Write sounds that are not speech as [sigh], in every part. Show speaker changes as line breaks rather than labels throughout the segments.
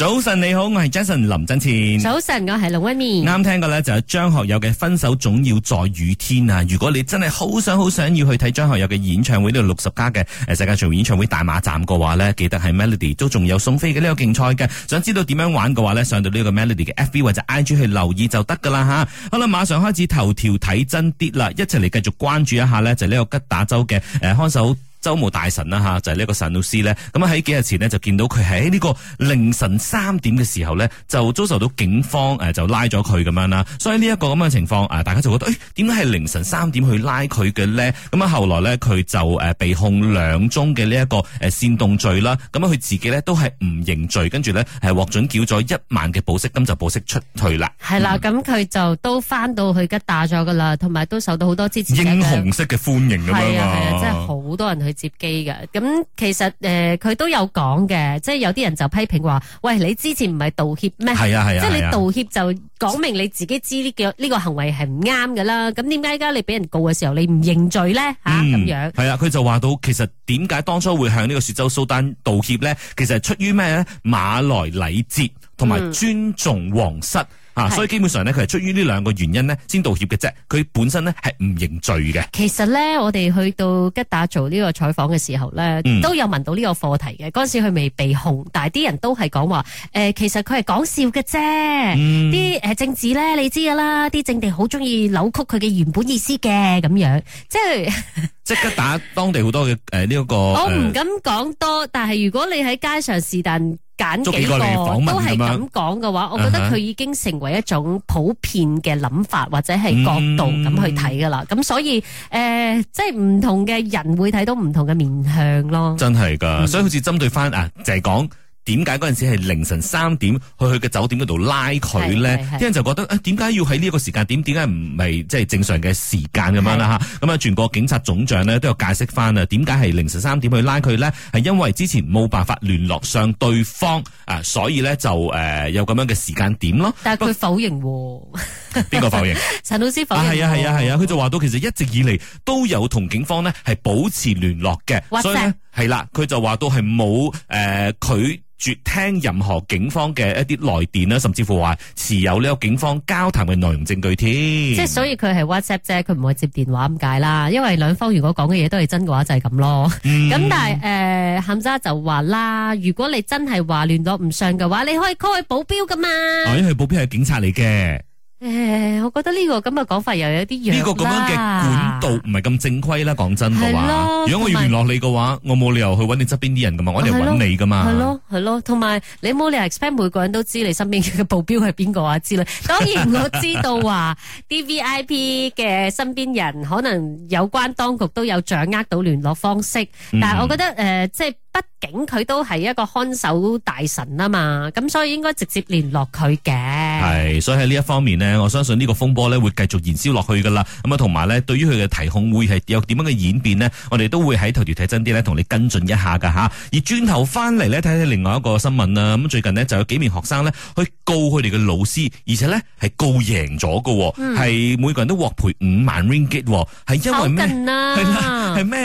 早晨你好，我係 Jason 林振前。早
晨，我係龍一棉。
啱聽過呢，就係張學友嘅《分手總要在雨天》啊！如果你真係好想好想要去睇張學友嘅演唱會呢度六十加嘅誒世界巡演唱會大馬站嘅話呢，記得係 Melody 都仲有送飛嘅呢個競賽嘅。想知道點樣玩嘅話呢，上到呢個 Melody 嘅 FB 或者 IG 去留意就得噶啦吓。好啦，馬上開始頭條睇真啲啦，一齊嚟繼續關注一下呢，就呢、是、個吉打州嘅誒、呃、看守。州務大臣啦吓，就係、是、呢個神老師咧。咁喺幾日前咧就見到佢喺呢個凌晨三點嘅時候咧，就遭受到警方誒就拉咗佢咁樣啦。所以呢一個咁嘅情況啊，大家就覺得誒點解係凌晨三點去拉佢嘅咧？咁啊後來咧佢就誒被控兩宗嘅呢一個誒煽動罪啦。咁啊佢自己咧都係唔認罪，跟住咧係獲准繳咗一萬嘅保釋金就保釋出退啦。
係啦，咁佢就都翻到去吉打咗噶啦，同埋都受到好多支持英雄
式嘅歡迎咁樣。啊，真係好
多人去。接機嘅，咁其實誒，佢、呃、都有講嘅，即係有啲人就批評話，喂，你之前唔係道歉咩？係啊係啊，即係你道歉就講明你自己知呢個呢個行為係唔啱㗎啦。咁點解而家你俾人告嘅時候，你唔認罪咧？吓、嗯、咁樣。係
啊，佢就話到，其實點解當初會向呢個雪州蘇丹道歉咧？其實係出於咩咧？馬來禮節同埋尊重皇室、嗯。啊、所以基本上咧，佢係出於呢兩個原因咧先道歉嘅啫。佢本身咧係唔認罪嘅。
其實咧，我哋去到吉打做呢個採訪嘅時候咧、嗯，都有問到呢個課題嘅。嗰陣時佢未被控，但係啲人都係講話，誒、呃，其實佢係講笑嘅啫。啲、嗯、誒政治咧，你知噶啦，啲政敵好中意扭曲佢嘅原本意思嘅，咁樣，即係即
係吉打當地好多嘅誒呢一個，我唔敢
講多，呃、但係如果你喺街上是但揀幾個都係咁講嘅話，我覺得佢已經成為一種普遍嘅諗法或者係角度咁去睇噶啦。咁、嗯、所以誒、呃，即係唔同嘅人會睇到唔同嘅面向咯。
真係噶，所以好似針對翻、嗯、啊，就係講。點解嗰陣時係凌晨三點去佢嘅酒店嗰度拉佢咧？啲人就覺得誒，點解要喺呢個時間點？點解唔係即係正常嘅時間咁樣啦？吓咁啊，全國警察總長咧都有解釋翻啊，點解係凌晨三點去拉佢咧？係因為之前冇辦法聯絡上對方啊，所以咧就誒有咁樣嘅時間點咯。但係佢否、否認，邊個否認？
陳老師否認。係啊係啊係啊，佢、
啊啊啊啊啊、就話到其實一直以嚟,都有同警方呢係保持聯絡嘅，所以咧。係啦，佢就話到係冇誒拒絕聽任何警方嘅一啲來電啦，甚至乎話持有呢個警方交談嘅內容證據添。即係所
以佢係 WhatsApp 啫，佢唔會接電話咁解啦。因為兩方如果講嘅嘢都係真嘅話，就係咁咯。咁、嗯、但係誒，冚、呃、就話啦，如果你真係話聯絡唔上嘅話，你可以 call 保鏢噶嘛。啊、哎，
因為保鏢係警察嚟嘅。
誒，我覺得呢個咁嘅講法又有啲樣啊，呢個咁樣嘅管
道唔係咁正規啦。講真嘅話，如果我要聯絡你嘅話，我冇理由去揾你側邊啲人噶嘛，我嚟揾你噶嘛。係咯，
係咯。同埋你冇理由 expect 每個人都知你身邊嘅保鏢係邊個啊之類。當然我知道話啲 VIP 嘅身邊人可能有關當局都有掌握到聯絡方式，但係我覺得誒，即係畢竟佢都係一個看守大臣啊嘛，咁所以應該直接聯絡佢嘅。係，
所以喺呢一方面呢。我相信呢個風波咧會繼續燃燒落去噶啦，咁啊同埋咧，對於佢嘅提控會係有點樣嘅演變呢？我哋都會喺頭條睇真啲咧，同你跟進一下噶吓。而轉頭翻嚟咧，睇睇另外一個新聞啦。咁最近呢，就有幾名學生呢，去告佢哋嘅老師，而且呢，係告贏咗嘅，係每個人都獲賠五萬 ringgit，係因為咩啊？係咩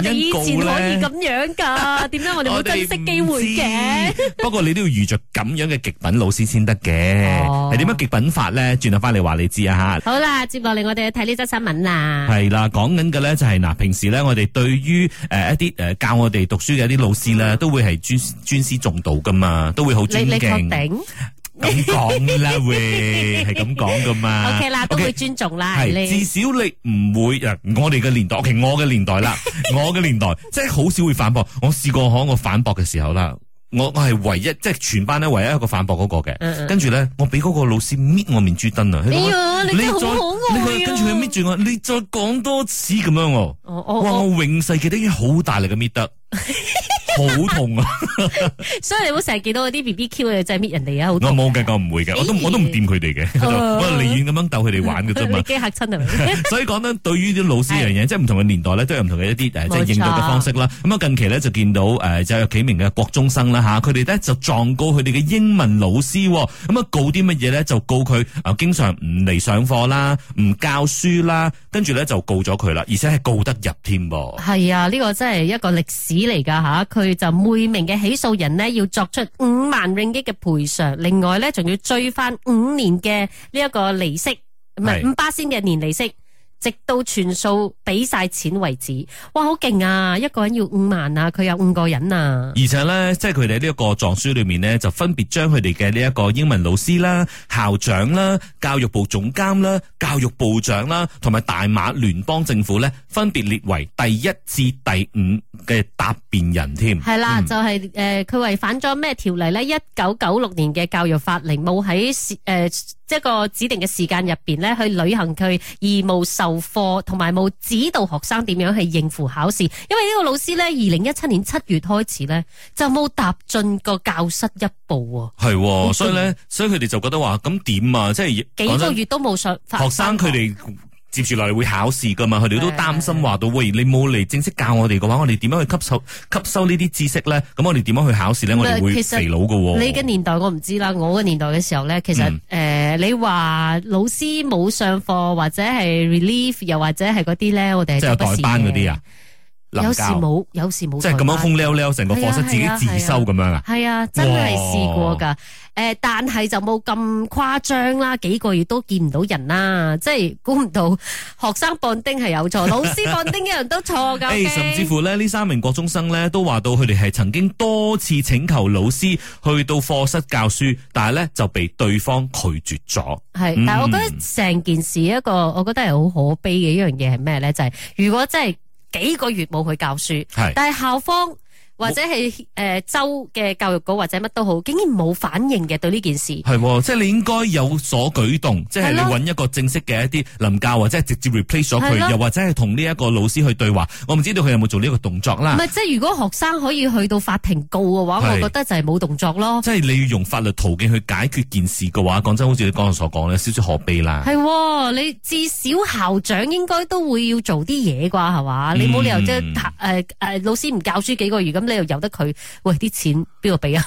原因告？原來我哋以前可以咁樣噶？點 [laughs] 解我
哋冇珍惜機會嘅？
不， [laughs] 不過你都要遇着咁樣嘅極品老師先得嘅，係、哦、點樣極品法咧？轉頭翻嚟話你知啊吓，好啦，接
落嚟我哋睇呢則新聞
啦，係啦，講緊嘅咧就係嗱，平時咧我哋對於誒一啲誒教我哋讀書嘅一啲老師啦，都會係尊尊師重道噶嘛，都會好尊敬。你確定？咁講啦，喂，係咁講噶嘛。O K 啦，都會
尊重啦。係，至
少你唔會啊，我哋嘅年代，其實我嘅年代啦，我嘅年代即係好少會反駁。我試過可我反駁嘅時候啦。我我係唯一即係全班咧唯一一個反駁嗰個嘅，嗯嗯，跟住咧我俾嗰個老師搣我面珠墩啊！哎呀，你再，你好跟住佢搣住我，你再講多次咁樣哦，哇！我永世記得已經好大力嘅搣得。 [laughs] 好 [laughs] 很痛，啊、 [laughs] 痛啊！
所以你好成日見到嗰啲 B B Q 嘅，即係搣人哋啊！好，我
冇嘅，我唔會嘅，欸,我都我都唔掂佢哋嘅，我寧願咁樣逗佢哋玩嘅啫嘛。驚
嚇親啊，
所以講咧，對於啲老師樣嘢， [laughs] 即係唔同嘅年代咧，都有唔同嘅一啲誒，即係應對嘅方式啦。咁啊，近期咧就見到誒，就是，有幾名嘅國中生啦吓，佢哋咧就狀告佢哋嘅英文老師，咁啊告啲乜嘢咧，就告佢啊，經常唔嚟上課啦，唔教書啦，跟住咧就告咗佢啦，而且係告得入添噃。
係啊，呢、這個真係一個歷史嚟噶吓，啊就每名嘅起訴人咧，要作出五萬令吉嘅賠償。另外咧，仲要追翻五年嘅呢一個利息，唔係五巴仙嘅年利息，直到全數俾晒錢為止。哇，好勁啊！一個人要五萬啊，佢有五個人啊。
而且咧，即係佢哋呢一個狀書裏面咧，就分別將佢哋嘅呢一個英文老師啦、校長啦、教育部總監啦、教育部長啦，同埋大馬聯邦政府咧，分別列為第一至第五嘅答。辨人添，係
啦，就係、是、誒，佢、呃、違反咗咩條例咧？一九九六年嘅教育法令，冇喺誒，即係個指定嘅時間入邊咧，去履行佢義務授課，同埋冇指導學生點樣去應付考試。因為呢個老師咧，二零一七年七月開始咧，就冇踏進個教室一步喎。
係，所以咧，所以佢哋就覺得話，咁點啊？即係幾個月
都冇上，學生
佢哋。接住落嚟會考試噶嘛，佢哋都擔心話到，喂，你冇嚟正式教我哋嘅話，我哋點樣去吸收吸收呢啲知識咧？咁我哋點樣去考試咧？我哋會肥佬㗎喎。你
嘅年代我唔知啦，我個年代嘅時候咧，其實誒、嗯呃，你話老師冇上課或者係 relief，又或者係嗰啲咧，我哋即係代班嗰啲啊。有時冇，有時冇，即係咁樣空溜溜，成個課室自己自修咁樣啊？係啊,啊,啊,啊,啊，真係試過噶，誒，但係就冇咁誇張啦，幾個月都見唔到人啦，即係估唔到學生放丁係有錯， [laughs] 老師放丁一樣都錯噶、 [laughs] 欸。甚至乎
咧，呢三名國中生咧都話到佢哋係曾經多次請求老師去到課室教書，但係咧就被對方拒絕咗。係，但係我覺得
成件事一個，嗯、我覺得係好可悲嘅一樣嘢係咩咧？就係、是、如果真係。幾個月冇去教書，係，但係校方。或者係誒州嘅教育局，或者乜都好，竟然冇反應嘅對呢件事係，
即係你應該有所舉動，即係你揾一個正式嘅一啲臨教或者直接 replace 咗佢，又或者係同呢一個老師去對話。我唔知道佢有冇做呢一個動作啦。唔
係，即係如果學生可以去到法庭告嘅話，我覺得就係冇動作咯。
即係你要用法律途徑去解決件事嘅話，講真，好似你剛才所講咧，少少可悲啦。係，
你至少校長應該都會要做啲嘢啩，係嘛？你冇理由、嗯、即係誒誒，老師唔教書幾個月咁。你又由得佢喂啲錢邊度俾
啊？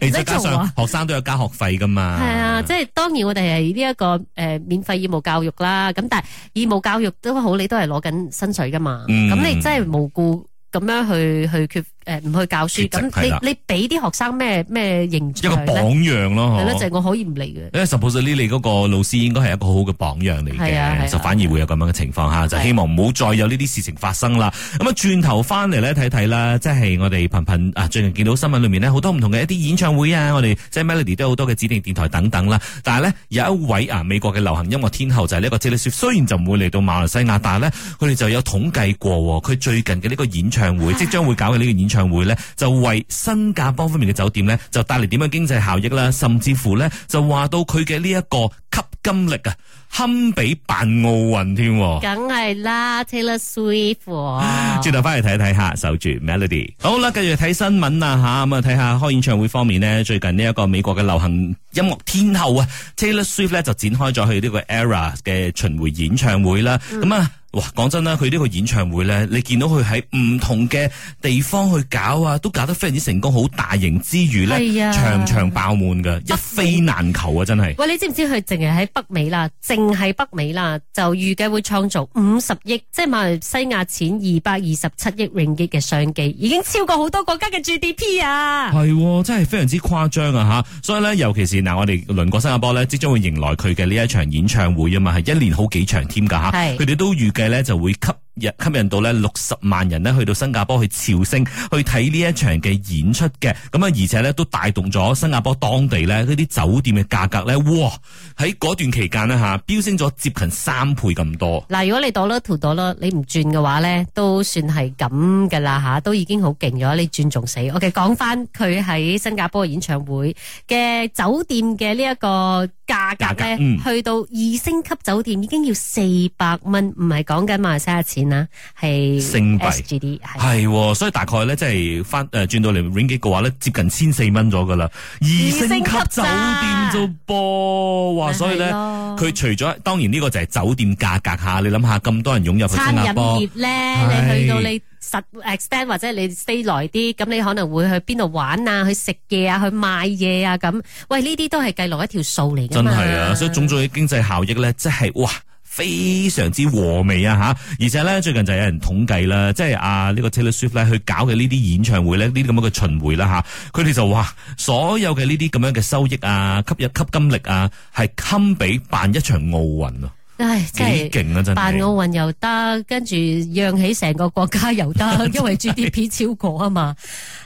再 [laughs] 加上學生都有交學費噶嘛，係 [laughs]
啊，即係當然我哋係呢一個誒、呃、免費義務教育啦。咁但係義務教育都好，你都係攞緊薪水噶嘛。咁、嗯、你真係無故咁樣去去缺。誒，唔去教書，咁你你俾啲學生咩咩形
象咧？一個榜樣咯，係
咯，就我可
以唔嚟嘅。誒，uh，suppose 咧，你嗰個老師應該係一個好好嘅榜樣嚟嘅，就反而會有咁樣嘅情況下，就希望唔好再有呢啲事情發生啦。咁啊，轉頭翻嚟咧睇睇啦，即係我哋頻頻啊，最近見到新聞裏面呢，好多唔同嘅一啲演唱會啊，我哋即係 Melody 都有好多嘅指定電台等等啦。但係呢，有一位啊美國嘅流行音樂天后就係呢一個 Lady，雖然就唔會嚟到馬來西亞，但係呢，佢哋就有統計過佢最近嘅呢個演唱會即將會搞嘅呢個演唱。唱會咧就為新加坡方面嘅酒店咧就帶嚟點樣經濟效益啦，甚至乎咧就話到佢嘅呢一個吸金力啊，堪比辦奧運添。梗係
啦，Taylor Swift，轉
頭翻嚟睇一睇下，守住 Melody。好啦，繼續睇新聞啦吓，咁啊睇下開演唱會方面呢。最近呢一個美國嘅流行音樂天后啊，Taylor Swift 咧就展開咗佢呢個 Era 嘅巡迴演唱會啦，咁、嗯、啊。哇，講真啦，佢呢個演唱會咧，你見到佢喺唔同嘅地方去搞啊，都搞得非常之成功，好大型之餘咧，場場、啊、爆滿㗎，一飛難求啊！真係。
喂，你知唔知佢淨係喺北美啦，淨係北美啦，就預計會創造五十億，即、就、係、是、馬來西亞錢二百二十七億嘅相機已經超過好多國家嘅 GDP 啊！
係、啊，真係非常之誇張啊！吓，所以咧，尤其是嗱、呃，我哋輪過新加坡咧，即將會迎來佢嘅呢一場演唱會啊嘛，係一年好幾場添㗎吓，佢哋都預計。咧就會吸。吸引到咧六十萬人呢去到新加坡去朝聖，去睇呢一場嘅演出嘅。咁啊而且咧都帶動咗新加坡當地咧啲酒店嘅價格咧，哇！喺嗰段期間咧吓飆升咗接近三倍咁多。
嗱，如果你躲咗逃躲啦，你唔轉嘅話咧，都算係咁噶啦吓，都已經好勁咗，你轉仲死。OK，講翻佢喺新加坡嘅演唱會嘅酒店嘅呢一個價格咧，嗯，去到二星級酒店已經要四百蚊，唔係講緊馬來西亞錢。啦，係新幣，
係係，所以大概咧即係翻誒轉到嚟 Ringgit 嘅話咧，接近千四蚊咗噶啦。二星級酒店啫噃，哇！所以咧，佢除咗當然呢個就係酒店價格吓，你諗下咁多人湧入去新加坡餐飲業咧，你去到你
實 extend 或者你 stay 耐啲，咁你可能會去邊度玩啊，去食嘢啊，去買嘢啊，咁，喂，呢啲都係計落一條數嚟噶嘛。真係啊，所以種
種嘅經濟效益咧，即係哇！非常之和味啊！吓，而且咧，最近就有人統計啦，即係啊呢、呢個 Taylor Swift 咧，去搞嘅呢啲演唱會咧，呢啲咁樣嘅巡回啦，吓，佢哋就話所有嘅呢啲咁樣嘅收益啊，吸一吸金力啊，係堪比辦一場奧運啊！
唉，幾勁啊！真辦奧運又得，跟住讓起成個國家又得， [laughs] 因為 GDP 超過啊嘛！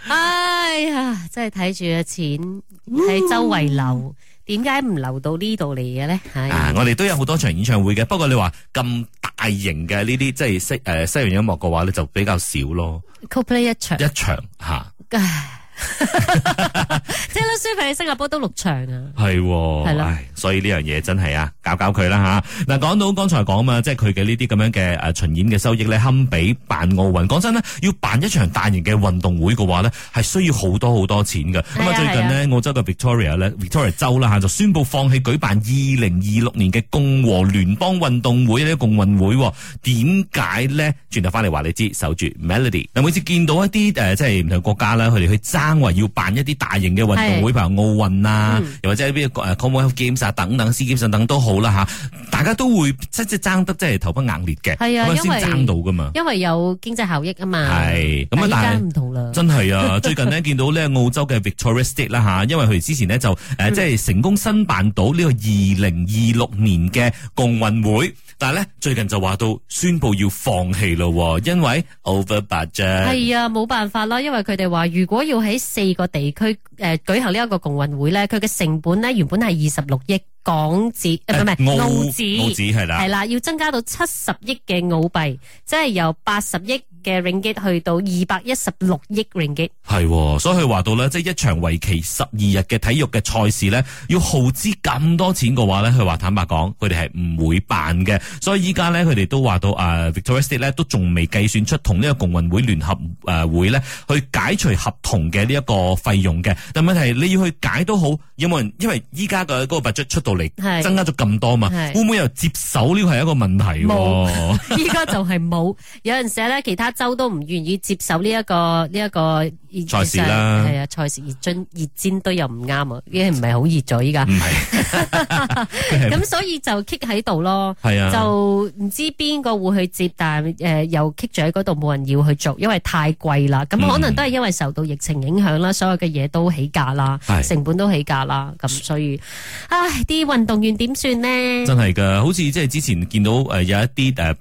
哎 [laughs] 呀，真係睇住錢喺周圍流。Woo. 點解唔留到呢度嚟嘅咧？啊，
我哋都有好多場演唱會嘅、嗯，不過你話咁大型嘅呢啲即係西誒、呃、西洋音樂嘅話咧，就比較少咯。
Coldplay 一場，一場吓。即係啦，書評喺新加坡都六場啊。
係係啦。所以呢樣嘢真係啊，搞搞佢啦嚇！嗱，講到剛才講啊嘛，即係佢嘅呢啲咁樣嘅誒巡演嘅收益咧，堪比辦奧運。講真呢，要辦一場大型嘅運動會嘅話呢，係需要好多好多錢㗎。咁啊，最近呢、啊，澳洲嘅 Victoria Victoria 州啦就宣布放棄舉辦二零二六年嘅共和聯邦運動會呢共運會。點解呢？轉頭翻嚟話你知，守住 Melody。嗱，每次見到一啲誒、呃，即係唔同國家啦，佢哋去爭話要辦一啲大型嘅運動會，譬如奧運啊，又、嗯、或者喺等等，試驗上等都好啦，大家都會即係爭得即係頭崩硬裂嘅，先、啊、爭到噶嘛。
因為有經濟效益啊嘛。係咁啊，但係唔同啦，真係啊！最近呢，
見到咧澳洲嘅 Victoria、啊、State 啦嚇，因為佢之前呢，就即係、啊就是、成功申辦到呢個二零二六年嘅共運會，但係呢，最近就話到宣布要放棄咯，因為 over budget。係
啊，冇辦法啦，因為佢哋話如果要喺四個地區誒、呃、舉行呢一個共運會咧，佢嘅成本呢，原本係二十六億。港紙誒唔係澳紙，係啦係啦，要增加到七十億嘅澳幣，即係由八十億。嘅 ringgit 去到二百一
十六億 ringgit 係，所以佢話到咧，即係一場為期十二日嘅體育嘅賽事咧，要耗資咁多錢嘅話咧，佢話坦白講，佢哋係唔會辦嘅。所以依家咧，佢哋都話到啊、uh，Victoria State 咧都仲未計算出同呢個共運會聯合誒會咧去解除合同嘅呢一個費用嘅。但問題你要去解都好，有冇人？因為依家嘅嗰個 budget 出到嚟，係增加咗咁多嘛，會唔會又接手呢？係一個問題、哦。喎。冇，依
家就係冇。 [laughs] 有陣時咧，其他。洲都唔願意接受呢、這、一個呢一、這個賽事啦，係啊，賽事熱樽熱煎堆又唔啱啊，因為唔係好熱咗。依家，唔係咁所以就 keep 喺度咯，係啊，就唔知邊個會去接，但係誒又 keep 住喺嗰度，冇、呃、人要去做，因為太貴啦。咁可能都係因為受到疫情影響啦、嗯，所有嘅嘢都起價啦，成本都起價啦，咁所以唉，啲運動員點算呢？真係噶，好
似即係之前見到誒有一啲誒。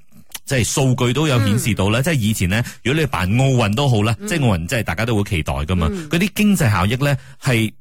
即係數據都有顯示到啦，嗯、即係以前咧，如果你辦奧運都好啦，嗯、即係奧運即係大家都會期待噶嘛，嗰、嗯、啲經濟效益咧係。是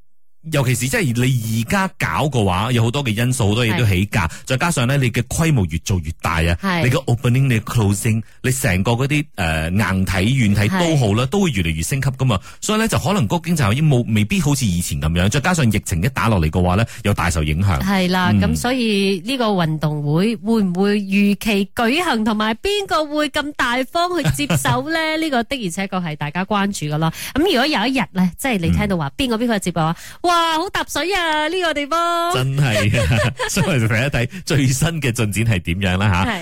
尤其是即係你而家搞嘅話，有好多嘅因素，好多嘢都起價，再加上咧你嘅規模越做越大啊，的你個 opening 你嘅 closing 你成個嗰啲誒硬體軟體都好啦，都會越嚟越升級噶嘛，所以咧就可能個經濟效益冇未必好似以前咁樣，再加上疫情一打落嚟嘅話咧，又大受影響。係
啦，咁、嗯、所以呢個運動會會唔會如期舉行，同埋邊個會咁大方去接手咧？呢 [laughs] 個的而且確係大家關注噶啦。咁如果有一日咧，嗯、即係你聽到話邊個邊個接嘅話，哇！啊好搭水啊！呢、這個地方真
係啊，所以嚟睇一睇最新嘅進展係點樣啦吓。